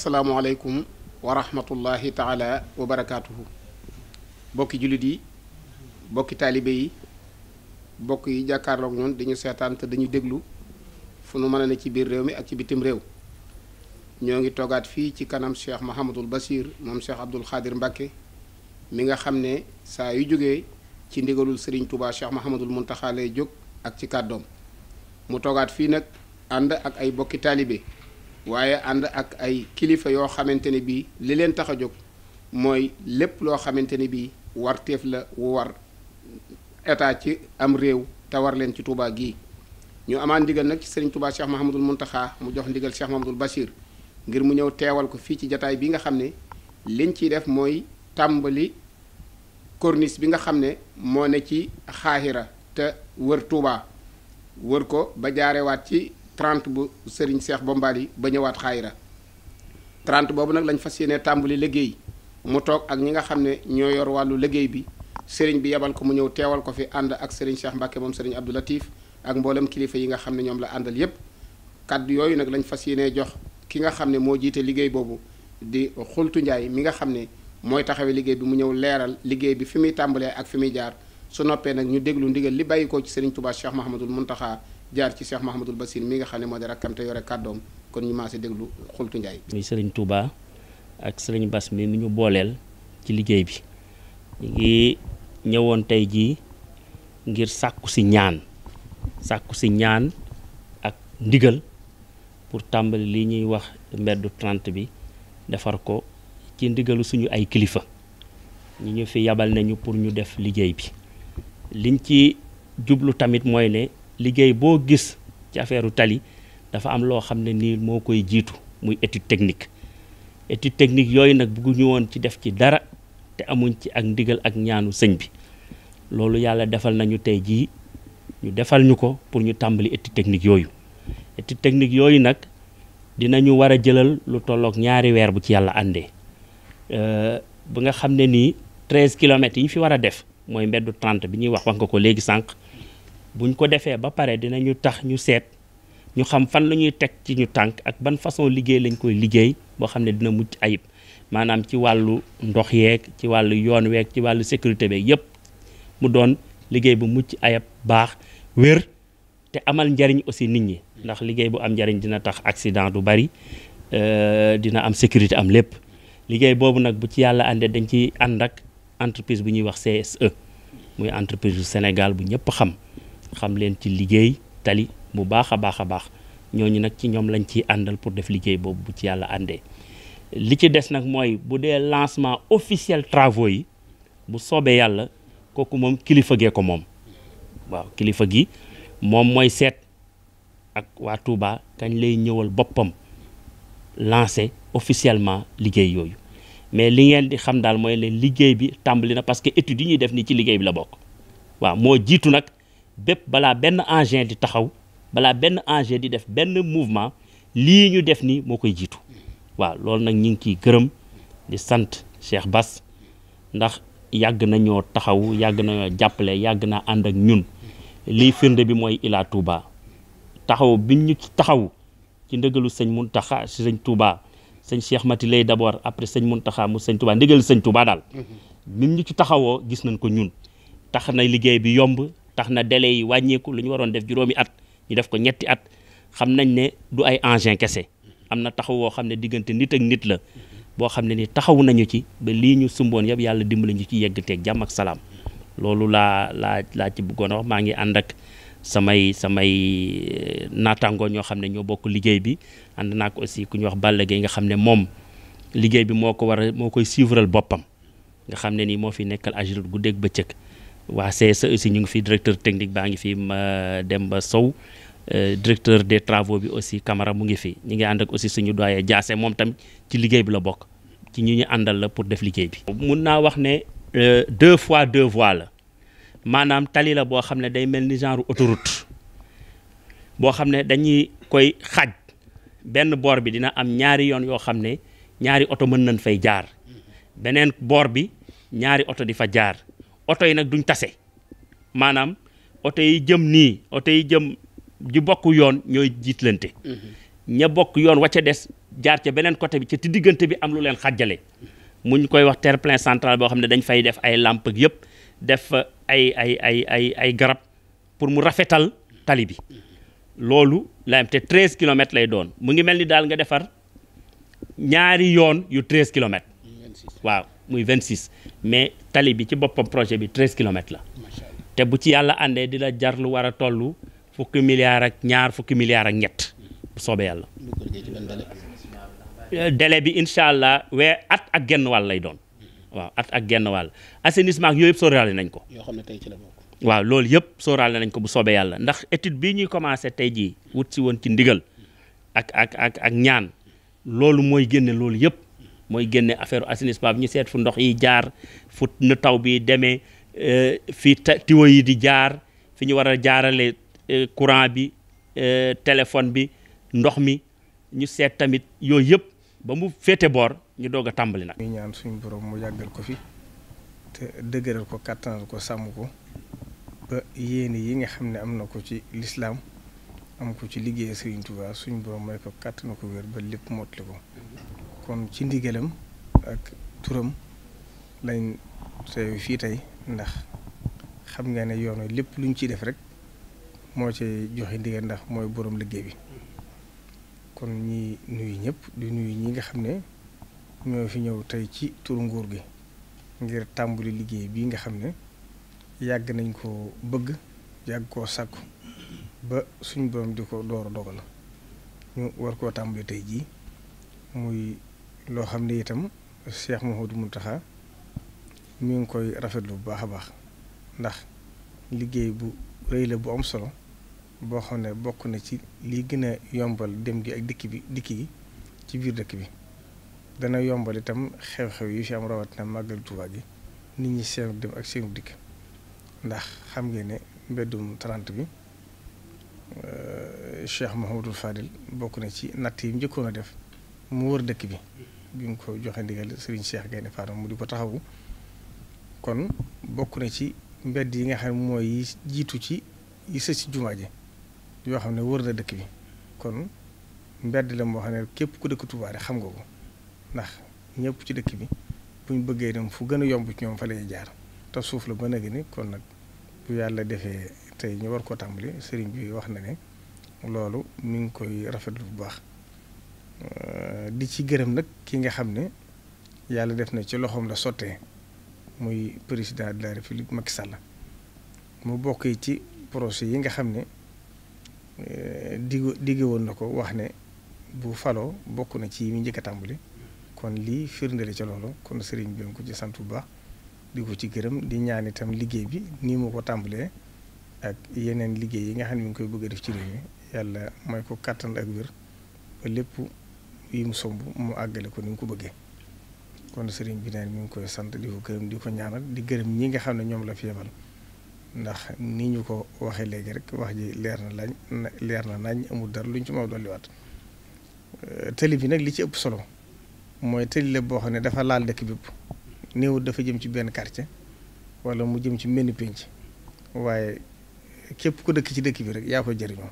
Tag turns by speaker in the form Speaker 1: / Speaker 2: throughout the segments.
Speaker 1: asalaamualeykum wa rahmatullahi taala wa barakaatuhu bokki jullit yi bokki taalibe yi bokk yi jàkkaarloog ñun dañu seetaan te dañu déglu fu nu mën a ne ci biir réew mi ak ci bitim réew ñoo ngi toogaat fii ci kanam cheikh Mahamadul Basir moom cheikh Abdul Xaadir Mbàkke mi nga xam ne saa yu jóge ci ndigalul sëriñ tubaa cheikh Mahamadul Muntaxa lay jóg ak ci kàddoom mu toggaat fii nag ànd ak ay bokki taalibe waaye ànd ak ay kilifa yoo xamante ne bii li leen tax a jóg mooy lépp loo xamante ni bii warteef la wu war état ci am réew te war leen ci Touba gii ñu amaan ndigal nag ci sëriñ Touba Cheikh Mahamadul Muntaxa mu jox ndigal Cheikh Mahamadul Bachir ngir mu ñëw teewal ko fii ci jataay bi nga xam ne liñ ciy def mooy tàmbali corniche bi nga xam ne moo ne ci xaaxira te wër Touba wër ko ba jaarewaat ci 30 bu Serigne Cheikh Bombali ba ñëwaat xaayira 30 boobu nag lañu fas yéene tàmbali liggéey mu toog ak ñi nga xam ne ñoo yor wàllu liggéey bi seriñ bi yebal ko mu ñëw teewal ko fi ànd ak Serigne Cheikh Mbacke moom Serigne Abdou Latif ak mboolem kilifa yi nga xam ne ñoom la àndal yépp kaddu yooyu nag lañ fas yéene jox ki nga xam ne moo jiite liggéey boobu di xultu Ndiaye mi nga xam ne mooy taxawee liggéey bi mu ñëw leeral liggéey bi fi muy tàmbalee ak muy jaar su noppee nag ñu déglu ndigal li bàyyi ko ci Serigne Touba Cheikh Mahamadul Muntaxa jaar ci Cheikh Mahamadul Basir mi nga xam ne moo di rakkam te yore kàddoom kon ñu maase déglu xultu njaay
Speaker 2: muy sëriñ Touba ak sëriñ Bass mi mi ñu booleel ci liggéey bi ñu ngi ñëwoon tey jii ngir sàkku si ñaan sàkku si ñaan ak ndigal pour tàmbali li ñuy wax mbeddu 30 bi defar ko ci ndigalu suñu ay kilifa ñi ñu fi yabal nañu pour ñu def liggéey bi liñ ci jublu tamit mooy ne liggéey boo gis ci affaire tali dafa am loo xam ne nii moo koy jiitu muy étude technique étude technique yooyu nag bëgguñu woon ci def ci dara te amuñ ci ak ndigal ak ñaanu sëñ bi loolu yàlla defal nañu tey jii ñu defal ñu ko pour ñu tàmbali étude technique yooyu étude technique yooyu nag dina ñu war a jëlal lu tolloog ñaari weer bu ci yàlla àndee bu nga xam ne nii treize kilomètres yi ñu fi war a def mooy mbeddu 30 bi ñuy wax wax nga ko léegi sànq buñ ko defee ba pare dina ñu tax ñu seet ñu xam fan la ñuy teg ci ñu tànk ak ban façon liggéey lañ koy liggéey boo xam ne dina mucc ayib maanaam ci wàllu ndox yeeg ci wàllu yoon weeg ci wàllu sécurité beeg yépp mu doon liggéey bu mucc ayib baax wér te amal njariñ aussi nit ñi ndax liggéey bu am njariñ dina tax accident du bari euh, dina am sécurité am lépp liggéey boobu nag bu ci yàlla àndee dañ ci ànd ak entreprise bu ñuy wax CSE muy entreprise du Sénégal bu ñëpp xam xam leen ci liggéey tali bu baax a baax a baax ñooñu nag ci ñoom lañ ciy àndal pour def liggéey boobu bu ci yàlla àndee li ci des nag mooy bu dee lancement officiel travaux yi bu soobee yàlla kooku moom kilifa gee ko moom waaw kilifa gi moom mooy seet ak waa Touba kañ lay ñëwal boppam lancer officiellement liggéey yooyu mais li ngeen di xam daal mooy leen liggéey bi tàmbali na parce que études yi ñuy def nii ci liggéey bi la bokk waaw moo jiitu nag. bépp balaa benn engin di taxaw balaa benn engin di def benn mouvement lii ñu def nii moo koy jiitu waaw loolu nag ñu ngi ciy gërëm di sant Cheikh bas ndax yàgg nañoo taxaw yàgg nañoo jàppale yàgg naa ànd ak ñun lii firnde bi mooy Ila Touba taxaw biñ ñu taxaw ci ndëgalu sëñ Muntaxa si sëñ Touba sëñ Cheikh Mati lay d'abord après sëñ Muntaxa mu sëñ Touba ndigalu sëñ Touba daal. bim ñu ci taxawoo gis nañ ko ñun tax na liggéey bi yomb tax na délai yi wàññeeku lu ñu waroon def juróomi at ñu def ko ñetti at xam nañ ne du ay engin kese am na taxaw woo xam ne diggante nit ak nit la boo xam ne ni taxaw nañu ci ba lii ñu sumboon yëpp yàlla dimbali ñu ci yegg jàmm ak salaam loolu laa laa laa ci bëggoon maa ngi ànd ak samay samay eh, naataangoo ñoo xam ne ñoo bokk liggéey bi ànd naa ko aussi ku ñu wax Balla Gaye nga xam ne moom liggéey bi moo ko war moo koy suivral boppam nga xam ne nii moo fi nekkal agirot guddeeg bëccëg waa CSE aussi ñu ngi fi directeur technique baa ngi fi ba Sow euh, directeur des travaux bi aussi Camara mu ngi fi ñu ngi ànd ak aussi suñu doyen Diassé moom tamit ci liggéey bi la bokk ci ñu ñu àndal la pour def liggéey bi. mun naa wax ne euh, deux fois deux voies la maanaam tali la boo xam ne day mel ni genre autoroute boo xam ne dañuy koy xaaj benn boor bi dina am ñaari yoon yoo xam ne ñaari oto mën nañ fay jaar beneen boor bi ñaari oto di fa jaar. oto yi nag duñ tase maanaam oto yi jëm nii oto yi jëm ji bokk yoon ñooy jiitlante. Mm-hmm. ña bokk yoon wa ca des jaar ce beneen côté bi ci ti diggante bi am lu leen xàjjale. mu ñu koy wax terre-plein central boo xam ne dañ fay def ay làmp yëpp def ay ay ay ay ay garab pour mu rafetal tali bi mm-hmm. loolu la am te 13 kilomètres lay doon mu ngi mel ni daal nga defar ñaari yoon yu 13 kilomètres. waaw muy 26 mais tali bi ci boppam projet bi treize kilomètres la te bu ci yàlla àndee di la jar lu war a toll fukki milliards ak ñaar fukki milliards ak ñett bu soobee yàlla euh, délai bi incha allah wee at ak genn wàll lay doon waaw at ak genn wàll assainissement ak yooyu yëpp sóoraale nañ ko
Speaker 1: yoo xam ne tey ci la bokk
Speaker 2: waaw loolu yëpp sóoraale nañ ko bu soobee yàlla ndax étude bii ñuy commencé tey jii wut si woon ci ndigal ak ak ak ak ñaan loolu mooy génne loolu yëpp mooy génne affaire assainissement bi ñu seet fu ndox yi jaar fu nu taw bi demee euh, fi tiwo yi di jaar fi ñu war a jaarale euh, courant bi euh, téléphone bi ndox mi ñu seet tamit yooyu yëpp ba mu féete boor ñu doog a tàmbali nag.
Speaker 3: ñu ñaan suñu borom mu yàggal ko fi te dëgëral ko kattanal ko sàmm ko ba yéene yi nga xam ne am na ko ci lislaam am ko ci liggéey Serigne Touba suñu borom may ko kàttanu ko wér ba lépp mottali ko. kon ci ndigalam ak turam lañ teew fii tey ndax xam nga ne yoon lépp luñ ciy def rek moo ci joxe ndigal ndax mooy boroom liggéey bi kon ñi nuyu ñëpp di nuyu ñi nga xam ne ñoo fi ñëw tey ci turu nguur gi ngir tàmbali liggéey bi nga xam ne yàgg nañ ko bëgg yàgg koo sàkku ba suñ borom di ko door a dogal ñu war koo tàmbali tey jii muy loo xam ne itam Cheikh mu taxa mi ngi koy rafet bu baax a baax ndax liggéey bu rëy la bu am solo boo xam ne bokk na ci lii gën a yombal dem gi ak dikk bi dikk gi ci biir dëkk bi dana yombal itam xew-xew yi fi am rawatina màggal Tuubaa gi nit ñi seen dem ak seenu dikk ndax xam ngeen ne mbeddum talant bi euh, Cheikh Mouhamadou Fadil bokk na ci natt yi njëkkoon a def mu wër dëkk bi bi mu ko joxe ndigal Serigne seex Gaynde Fatma mu di ko taxawu kon bokk na ci mbedd yi nga xam ne mooy yi jiitu ci yi sës ci jumaa ji yoo xam ne wër na dëkk bi kon mbedd la moo xam ne képp ku dëkk Touba xam nga ko ndax ñëpp ci dëkk bi bu ñu bëggee dem fu gën a yomb ci ñoom fa la jaar te suuf la ba nag ni kon nag bu yàlla defee tey ñu war koo tàmbali sëriñ bi wax na ne loolu mi ngi koy rafetlu bu baax. Euh, di ci gërëm nag ki nga xam ne yàlla def na ci loxoom la sottee muy président de la république Macky Sall mu bokk ci projet yi nga xam ne euh, digg digg woon na ko wax ne bu faloo bokk na ci yi mu njëkk a tàmbali kon lii firnde la ci loolu kon sëriñ bi ko ci sant bu baax di ko ci gërëm di ñaan itam liggéey bi nii mu ko tàmbalee ak yeneen liggéey yi nga xam ne mi ngi koy bëgg a def ci réew yàlla may ko kàttan ak wér lépp. yi mu somb mu àggale ko ni mu ko bëggee kon sëriñ bi naan mi ngi koy sant di ko gërëm di ko ñaanal di gërëm ñi nga xam ne ñoom la fi yebal ndax ni ñu ko waxee léegi rek wax ji leer na lañ leer na nañ amul dara luñ ci mën a dolliwaat euh, tëli bi nag li ci ëpp solo mooy tëli la boo xam ne dafa laal dëkk bépp néew dafa jëm ci benn quartier wala mu jëm ci mbenn pénc waaye képp ku dëkk ci dëkk bi rek yaa ko jëriñoo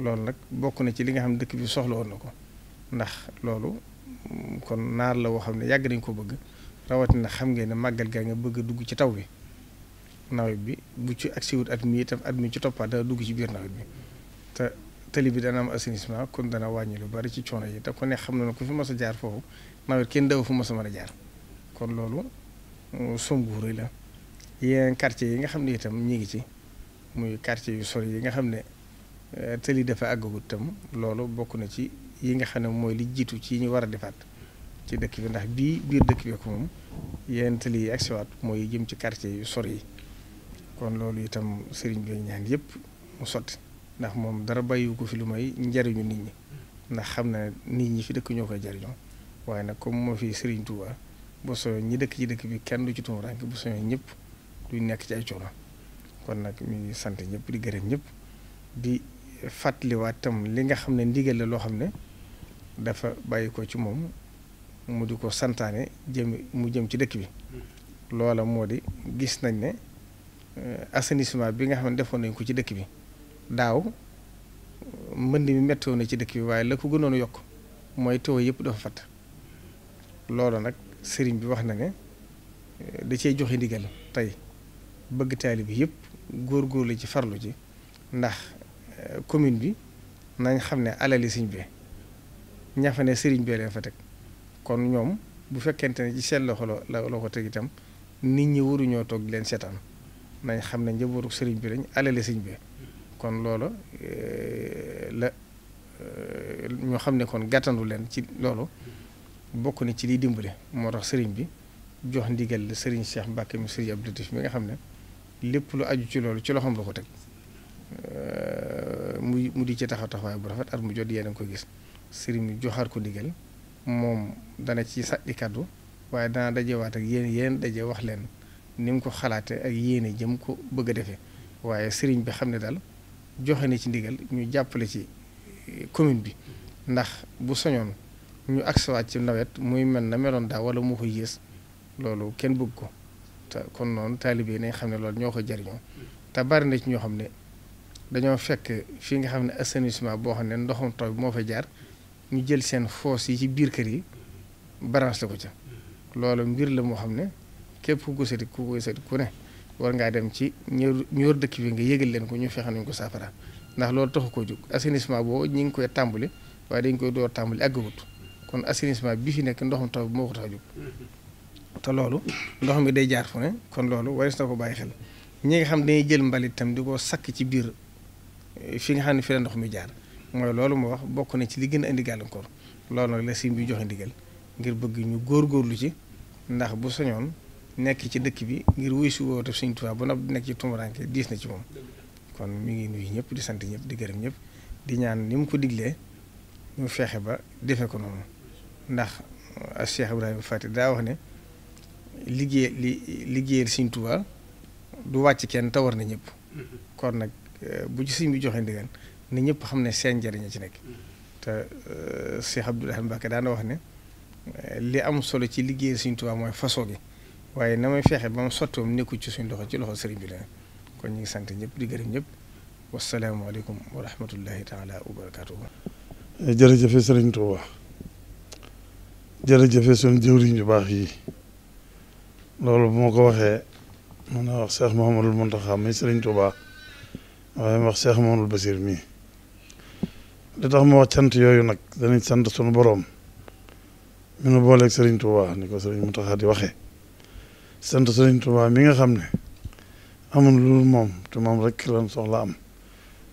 Speaker 3: loolu nag bokk na ci li nga xam ne dëkk bi soxla na ko. ndax loolu kon naar la woo xam ne yàgg nañ ko bëgg rawatina xam ngeen ne màggal gaa nga bëgg dugg ci taw bi nawet bi bu ci agsi wut at mi itam at mi ci toppaat dana dugg ci biir nawet bi te tali bi dana am assainissement kon dana wàññi lu bari ci coono yi te ko ne xam na ne ku fi mos a jaar foofu nawet kenn daw fu mos a mën a jaar kon loolu sombu rëy la yeneen quartier yi nga xam ne itam ñu ngi ci muy quartier yu sol yi nga xam ne eh, tali dafa àggagut itam loolu bokk na ci. yi nga xam ne mooy li jiitu ci ñu war a defaat ci dëkk bi ndax bii biir dëkk bi ko moom yenn tali yi agsiwaat mooy jëm ci quartier yu sor yi kon loolu itam sëriñ bi ñaan yëpp mu sotti ndax moom dara bàyyiwu ko fi lu may njariñu nit ñi ndax xam na nit ñi fi dëkk ñoo koy jariñoo waaye nag comme moo fi sëriñ Touba bu soño ñi dëkk ci dëkk bi kenn du ci tumuraanke bu soño ñëpp du nekk ci ay coono kon nag ñu sant ñëpp di gërëm ñëpp di fàttaliwaat tam li nga xam ne ndigal loo xam ne dafa bàyyi ko ci moom mu di ko santaane jëm mu jëm ci dëkk bi loola moo di gis nañ ne euh, assainissement bi nga xam ne defoon nañ ko ci dëkk bi daaw mbënd mi mettoon na ci dëkk bi waaye la ko gënoon yokk mooy taw yëpp dafa fatt loolu nag sëriñ bi wax na ne euh, da cee joxe ndigal tey bëgg taalibe yëpp góorgóorlu ci farlu ci ndax euh, commune bi nañ xam ne alali sëñ bi ña fa ne sëriñ bee leen fa teg kon ñoom bu fekkente ne ci seen loxo la la ko teg itam nit ñi waruñoo toog leen seetaan nañ xam ne njabootu sëriñ bi lañ alale sëriñ bi kon loolo eh, la eh, ñoo xam ne kon gàttandu leen ci loolu bokk na ci liy dimbali moo tax sëriñ bi jox ndigal la sëriñ Cheikh mbakke mi sëriñ Abdou Latif mi nga xam ne lépp lu aju ci loolu ci loxoom la ko teg eh, mu mu di ci taxaw taxawaay bu rafet at mu jot yéen a ngi koy gis. sëriñ bi joxaat ko digal moom dana ci sàddi kàddu waaye dana dajewaat ak yéen yéen daje wax leen ni mu ko xalaate ak yéene jëm ko bëgg a defee waaye sëriñ bi xam ne daal joxe na ci ndigal ñu jàppale ci eh, commune bi ndax bu soñoon ñu agsiwaat ci nawet muy mel na meloon daal wala mu ko yées loolu kenn bëgg ko te kon noonu taalibe yi nañ xam ne loolu ñoo ko jariñoo te bari na ci ñoo xam ne dañoo fekk fii nga xam ne assainissement boo xam ne ndoxum taw bi moo fa jaar ñu jël seen foos yi ci biir kër yi branche la ko ca loolu mbir la moo xam ne képp ku gisati ku gisati ku ne war ngaa dem ci ñëw ñëw dëkk bi nga yëgal leen ko ñu fexe nañ ko saafara ndax loolu taxu koo jóg assainissement boo ñi ngi koy tàmbali waaye dañ koy door tàmbali àggagut kon assainissement bi fi nekk ndoxum taw bi moo ko tax a jóg te loolu ndox mi day jaar fu ne kon loolu waris na ko bàyyi xel ñi nga xam dañuy jël mbali tam di ko sakk ci biir fi nga xam ne fi la ndox mi jaar mooy loolu moo wax bokk na ci li gën a indi gàllankoor loolu nag la sëñ bi joxe ndigal ngir bëgg ñu góor góorlu ci ndax bu sañoon nekk ci dëkk bi ngir wuy si woote Sëñ ba bu nab nekk ci tumuraanke na ci moom kon mi ngi nuyu ñëpp di sant ñëpp di gërëm ñëpp di ñaan ni mu ko diglee ñu feexe ba defe ko noonu ndax Cheikh Ibrahima Fati daa wax ne liggéey li liggéeyal Sëñ Tuubaa du wàcc kenn tawar na ñëpp mm-hmm. kon nag eh, bu ci sëñ bi joxe ndigal ni ñëpp xam ne seen njëriñ ci nekk te euh, Cheikh Abdoul Ahad Mbacké daana wax ne euh, li am solo ci liggéey Sëriñ Tuubaa mooy façon gi waaye na may fexe ba mu sottoom nekku ci suñ loxo ci loxo sëriñ bi kon ñu ngi sant ñëpp di gërëm ñëpp wasalaamualeykum wa rahmatullahi taala wa barakatuhu
Speaker 4: jërëjëfe sëriñ Tuubaa jërëjëfe suñu jëwriñ yu baax yi loolu bu ma ko waxee mën naa wax Cheikh Mouhamadul Mountakha muy sëriñ Tuubaa waaye wax Cheikh Mouhamadul Basir mii li tax ma wax cant yooyu nag danañ sant sunu boroom mi boole booleeg Serigne ni ko Serigne Mountakha di waxee sant Serigne Touba mi nga xam ne amul lu moom te moom rek soxla am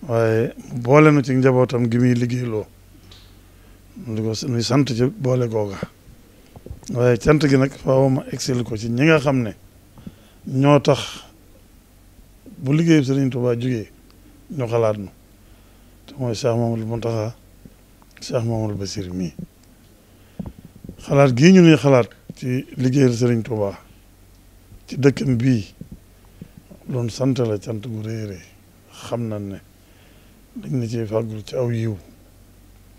Speaker 4: waaye boole nu ci njabootam gi muy liggéeyloo di ko nuy sant ci boole googa waaye cant gi nag faaw ma excel ko ci ñi nga xam ne ñoo tax bu liggéey Serigne Touba jógee ñu xalaat nu te mooy Cheikh Mamadou Mountakha Cheikh Mamadou Bassir mii xalaat gii ñu nuy xalaat ci liggéeyal Serigne Touba ci dëkkam bii loolu sant la cant gu réeré xam nañ ne dañ na ciy fàggul ci aw yiw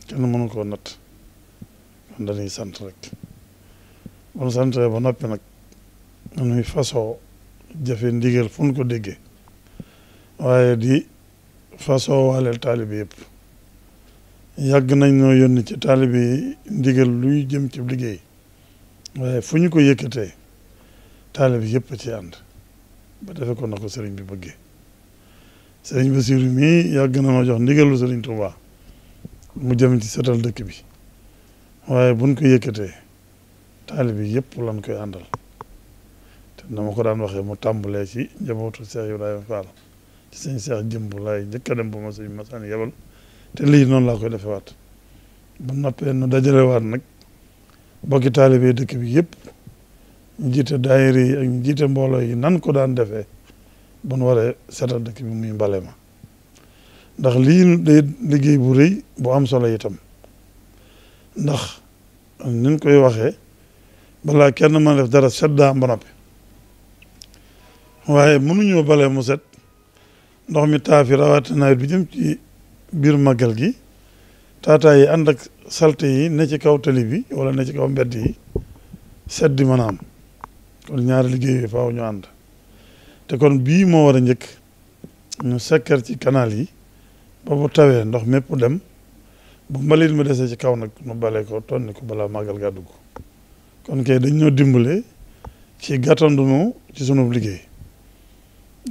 Speaker 4: kenn mënu natt kon dañuy sant rek bon sant ba noppi nag nuy fasoo jafe ndigal fu ko déggee waaye di façon waaleel taalibe yëpp yàgg nañ noo yónni ci taalibe yi ndigal luy jëm ci liggéey waaye fu ñu ko yëkkatee taalibe yëpp ci ànd ba defe ko na ko sëriñ bi bëggee sëriñ Basiru mii yàgg na jox ndigalu sëriñ Tuubaa mu jëm ci setal dëkk bi waaye buñ ko yëkkatee taalibe yëpp lan koy àndal te na ko daan waxee mu tàmbalee ci njabootu Cheikh Ibrahima Fall ci sëñ Seex jëmb laay njëkk a dem bu ma sëñ Masaan yebal te lii noonu laa koy defee waat bu noppee nu dajale waat nag bokki taalibe dëkk bi yépp ñu jiite daayira yi mbooloo yi nan ko daan defee bu nu waree seetal dëkk bi muy mbale ma ndax lii day liggéey bu rëy bu am solo itam ndax niñ koy waxee balaa kenn mën def dara set daa am ba noppi waaye mënuñoo bale mu set ndox mi taa fi rawatina bi jëm ci biir màggal gi taataa yi ànd ak salte yi ne ci kaw tali bi wala ne kaw mbedd yi sedd di kon ñaari liggéey yi faaw ñu ànd te kon bii moo war a njëkk ñu sekkar ci kanaal yi ba bu tawee ndox mépp dem bu mbalit mu desee ci kaw nag mu balee ko tonni ko balaa màggal gàddu ko kon kay dañ ñoo dimbale ci gàttandu ci sunu liggéey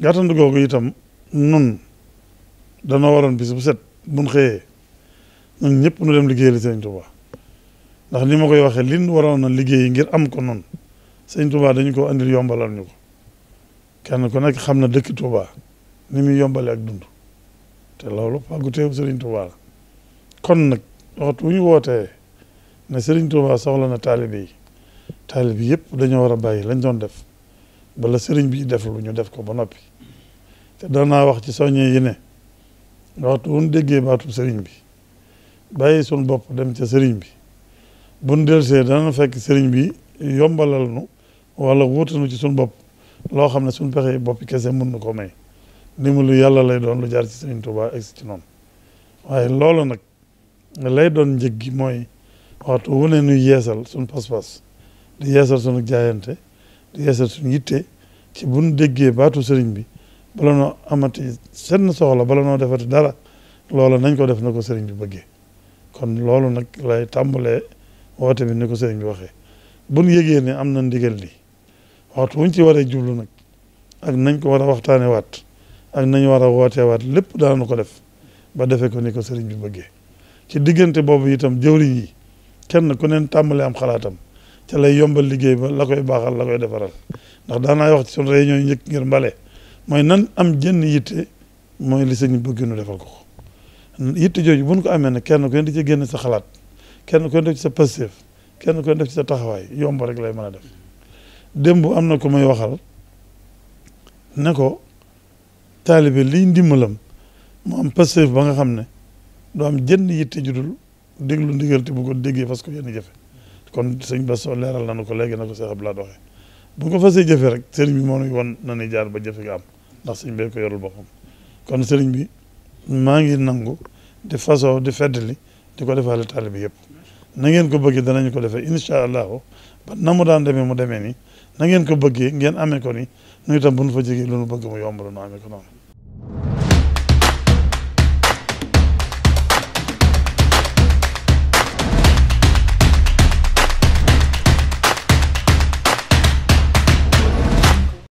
Speaker 4: gàttandu googu itam nun danoo waroon bis bu set buñ xëyee ñëpp nu dem liggéeyal Sëriñ Tuubaa ndax ni ma koy waxee lin waroon na liggéey ngir am ko nun Sëriñ Tuubaa dañu ko andil yombalal ñu ko kenn ko nekk xam na dëkk ni muy yombale dund te loolu fàggu teew Sëriñ kon nag waxtu wu ñu woote ne Sëriñ Tuubaa soxla na taalibe yi taalibe yëpp dañoo war a bàyyi lañ doon def bala sëriñ bi def lu ñu def ko ba noppi te danaa wax ci soññe yi ne waxtu wun déggee baatu sëriñ bi bàyyi sun bopp dem ca sëriñ bi bun delsee dana fekk sëriñ bi yombalal nu wala wutanu ci sun bopp loo xam ne suñ pexe boppi kese mun na ko may ndimalu yàlla lay doon lu jaar ci sëriñ Tuubaa egsi ci noonu waaye loolu nag lay doon njëg gi mooy waxtu wu ne nuy yeesal sun pas-pas di yeesal sunu jaayante di yeesal suñ yitte ci buñ déggee baatu sëriñ bi bala noo amati seen soxla bala noo ti dara loola nañ koo def na ko seriñ bi bëggee kon loolu nag lay tàmbalee woote bi na ko sëriñ bi waxee buñ yëgee ne am na ndigal li waxtu wuñ ci waree jublu nag ak nañ ko war a waxtaanee waat ak nañ war a wootee waat lépp daanu ko def ba defee ko ni ko sëriñ bi bëggee ci diggante boobu itam jëwriñ yi kenn ku neen tàmbalee am xalaatam ca lay yombal liggéey ba la koy baaxal la koy defaral ndax daanaay wax ci sunu réunion yi njëkk ngir mbale mooy nan am jënn yitte mooy li sëñ bëgg nu defal ko yitte jooju buñ ko amee nag kenn ku ne di ci génn sa xalaat kenn ku ne def sa pastéef kenn ku def ci sa taxawaay yomb rek lay mën a def démb am na ko may waxal ne ko taalibe liy ndimbalam mu am pastéef ba nga xam ne doo am jënn yitte judul déglu ndigal te bu ko déggee fas ko yenn jafe kon sëñ Basso leeral na ko léegi na ko Cheikh Abdoulaye waxee bu ko fasee jafe rek sëriñ bi moo nuy won na nuy jaar ba jafe nga am ndax sëñ bee ko yorul boppam kon sëriñ bi maa ngi nangu di façon di feddali di ko defaale taalibe yëpp na ngeen ko bëggee danañ ko defee incha allahu ba na mu daan demee mu demee nii na ngeen ko bëggee ngeen amee ko ni nu itam bu nu fa jegee lu nu bëgg mu yomb la nu amee ko noonu